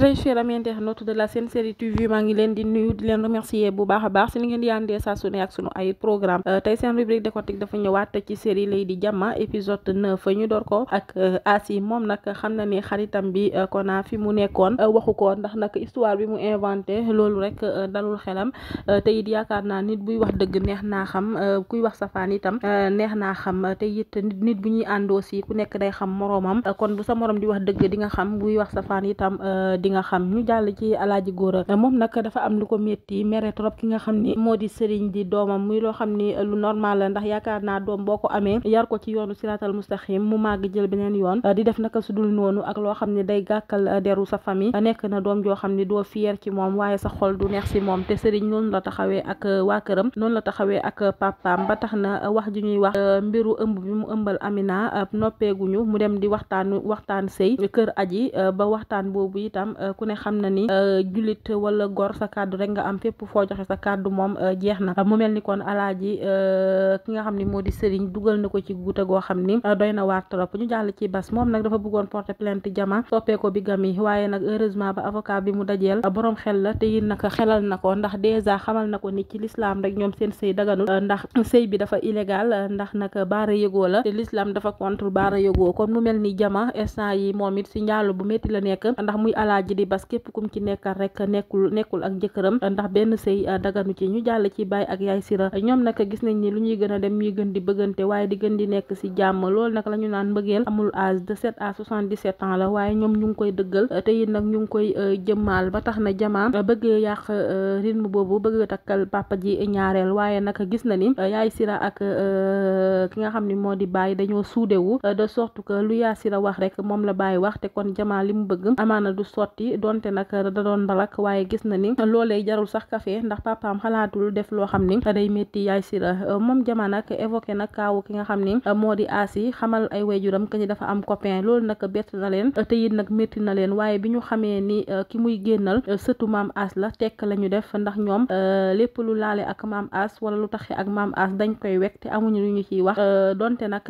très chers amis internautes de la Sen Série TV maa ngi leen di nuyu remercier bu baax a baax si ni ngeen di àndee saa su ne ak ay programme euh, tey seen rubrique décortique dafa ñëwaat ci série ñu door ko ak euh, Asi moom nag xam na ni xaritam bi euh, Kona fi mu nekkoon waxu ko ndax nag histoire bi mu inventé loolu rek dalul xelam te yaakaar naa nit buy wax dëgg neex naa xam kuy wax safaan itam te it nit bu ñuy ànd aussi ku nekk day xam moroomam kon bu sa morom di wax dëgg di bi nga xam ñu jàll ci alaaji góora moom nag dafa am lu ko métti mere trop ki nga xam ni moo di sëriñ di doomam muy loo xam ni lu normal la ndax yaakaar naa doom boo ko amee yar ko ci yoonu siraatal mustaqim mu màgg jël beneen yoon di def naka su dul noonu ak loo xam ne day gàkkal deru sa famille nekk na doom joo xam ne doo fier ci moom waaye sa xol du neex si moom te sëriñ noonu la taxawee ak waa këram noonu la taxawee ak papaam ba tax na wax ju ñuy wax euh, mbiru ëmb bi mu ëmbal Amina euh, noppeeguñu mu dem di waxtaan waxtaan sëy kër aji euh, ba waxtaan Euh, ku ne xam na ni euh, jullit wala gor sa kaddu rek nga am fépp foo joxe sa kàddu moom euh, jeex na mu mel ni kon alaaji ki nga xam ni moo di sëriñ dugal na ko ci guuta goo xam ni doy na waar trop ñu jàll ci bas moom nag dafa buggoon porter plainte jama soppee ko bi gami waaye nag heureusement ba avocat bi mu dajeel boroom xel la te yi naka xelal na ko ndax dèjà xamal na ko nit ci lislaam rek ñoom seen sëy daganul ndax sëy bi dafa illégal ndax nag baara yëgoo l'islam dafa contre baara yëgoo kon mu mel ni jama instant yi moom si njaalu bu métti la nekk ji di bas képp kum ci nekkal rek nekkul nekkul ak jëkkëram ndax benn sëy ah, daganu ci ñu jàll ci baay ak yaay sira ñoom nag gis nañ ni lu ñuy gën a dem ñuy gën di bëggante waaye di gën di nekk si jàmm loolu nag la ñu naan mbëggeel amul âge de 7 à 77 ans la waaye ñoom ñu ngi koy dëggal te it nag ñu ngi koy euh, jëmmaal ba tax na jamaa bëgg yàq euh, rythme boobu bëgg takkal papa ji ñaareel waaye nag gis na ni euh, yaay sira ak ki nga xam ni moo di bàyyi dañoo suudewu de sorte que lu yaay sira wax rek moom la bàyyi wax kon jamaa sotti donte nag da doon mbalak waaye gis na ni loolee jarul sax café ndax papaam xalaatul def loo xam ni day métti yaay sira moom jama nag évoqué nag kaawu ki nga xam ni moo di aasi xamal ay wayjuram que ni dafa am copain loolu nag bett na leen te it na leen waaye bi ñu xamee ni euh, euh, la tekk la ñu def ndax ñoom euh, lu laale ak maam aas wala lu taxe ak maam aas dañ koy wekk te amuñu lu ñu ciy wax donte nag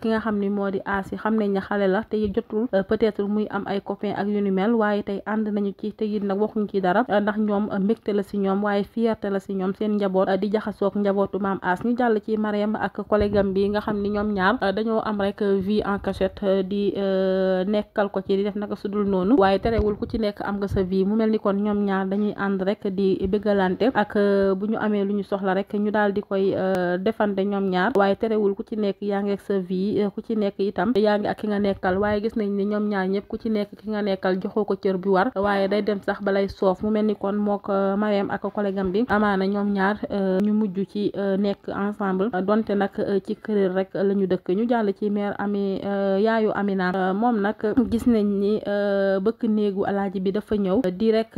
ki nga xam ni moo di aasi xam nañ ne xale la te jotul peut muy am ay copain ak yu mel waral waaye tey ànd nañu ci te it nag waxuñ ci dara ndax ñoom mbégte la si ñoom waaye fierté la si ñoom seen njaboot di jaxasoog njabootu maam As ñu jàll ci Mariam ak collègue am bi nga xam ni ñoom euh, ko ci nekk am nga sa vie mu mel ni kon ñoom ñaar dañuy ànd rek di bëggalante ak euh, bu ñu amee lu ñu soxla rek ñu daal di koy euh, defante ñoom ñaar waaye terewul ku ci nekk yaa ngi ak sa vie ku ci nekk itam yaa ngi ak ki nga nekkal waaye gis nañ ñoom ñaar ñëpp ku ci nekk ki nga nekkal jox joxoo ko cër bi war waaye day dem sax balay soof mu mel euh, ñu mujj ci euh, nekk ensemble donte nag euh, ci këréel rek la ñu dëkk ñu jàll ci mère ami yaayu moom nag gis nañ ni bëkk néegu alaaji bi dafa ñëw di rek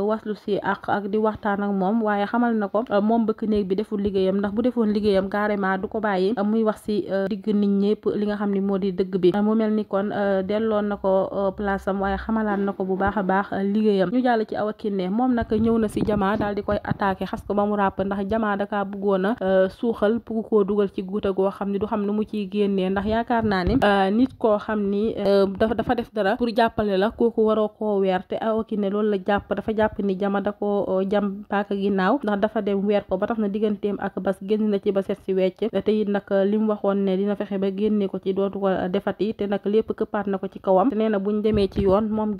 waslu si ak ak di waxtaan ak moom waaye xamal na ko moom bëkk néeg bi deful liggéeyam ndax bu defoon liggéeyam carrément du ko bàyyi muy wax si digg nit ñëpp li nga xam ni moo di dëgg bi mu mel ni kon delloon na ko place am waaye xamala reetaan na ko bu baax a baax euh, liggéeyam ñu jàll ci Awa Kiné moom nag ñëw na si Jama daal di koy attaqué xas ko ba mu ràpp ndax Jama dakaa bëggoon a euh, suuxal bugg koo dugal ci guuta goo xam ni du xam nu mu ci génnee ndax yaakaar naa ni euh, nit koo xam ni dafa def dara pour jàppale la kooku waroo koo weer te Awa Kiné loolu la jàpp dafa jàpp ni Jama da jam paaka ginnaaw ndax dafa dem weer ko ba tax na digganteem ak bas génn na ci ba set si wecc te it nag li mu waxoon ne dina fexe ba génne ko ci dootu ko defati te na ko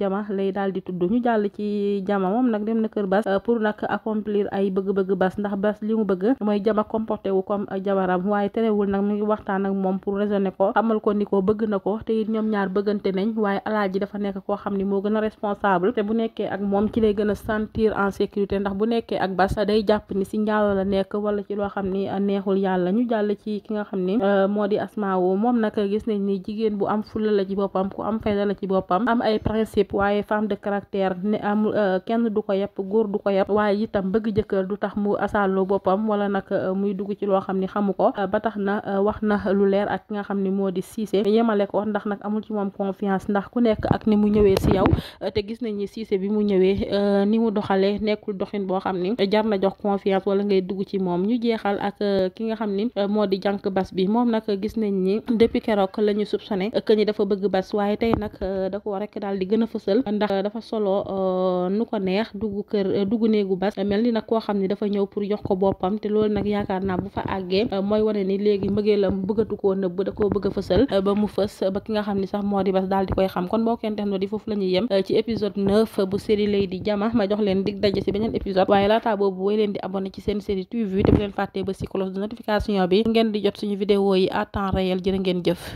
jama lay daal di tudd ñu jàll ci jama moom nag dem na kër bas euh, pour nag accomplir ay bëgg-bëgg bas ndax bas li mu bëgg mooy jama comporté wu comme euh, jabaram waaye terewul ak moom pour raisonner ko xamal ko ni ko bëgg na ko te it ñoom ñaar bëggante nañ waaye alaaji dafa nekk koo xam ni moo gën a responsable te bu nekkee ak moom ci lay gën a sentir en sécurité ndax bu nekkee ak bas day jàpp ni si njaalo la nekk wala ci loo xam ni euh, neexul yàlla ñu jàll ci ki nga xam ni moo di asmaawo moom nag gis nañ ni jigéen bu am fulla la ci boppam ku am fayda la waaye femme de caractère ne amul euh, kenn du ko yàpp góor du ko yàpp waaye itam bëgg jëkkër du tax mu asaaloo boppam wala nag euh, muy dugg ci loo xam ni xamu ko euh, ba tax na wax na lu leer ak ki nga xam ni moo di Cissé yemale ko ndax nag amul ci moom confiance ndax ku nekk ak ni mu ñëwee si yow te gis nañ ni Cissé bi mu ñëwee ni mu doxalee nekkul doxin boo xam ni jar na jox confiance wala ngay dugg ci moom ñu jeexal ak ki nga xam ni moo di jànk bas bi moom nag gis nañ ni depuis keroog la ñu soupçonné que dafa bëgg bas waaye tey nag fësal ndax dafa solo euh, nu ko neex dugg kër euh, dugg néegu bas mel ni nag koo xam ni dafa ñëw pour jox ko boppam te loolu nag yaakaar naa bu fa àggee euh, mooy wane ni léegi mbëggeelam bëggatu koo nëbb da koo bëgg fësal ba mu fës ba ki nga xam ni sax moo di bas daal di koy xam kon boo kenn di foofu la ñuy yem ci épisode neuf bu série Lady Diama ma jox leen dig daje si beneen épisode waaye laata boobu woy leen di abonné ci seen série TV te bu leen fàttee ba bi ngeen di jot suñu vidéo yi à temps réel ngeen jëf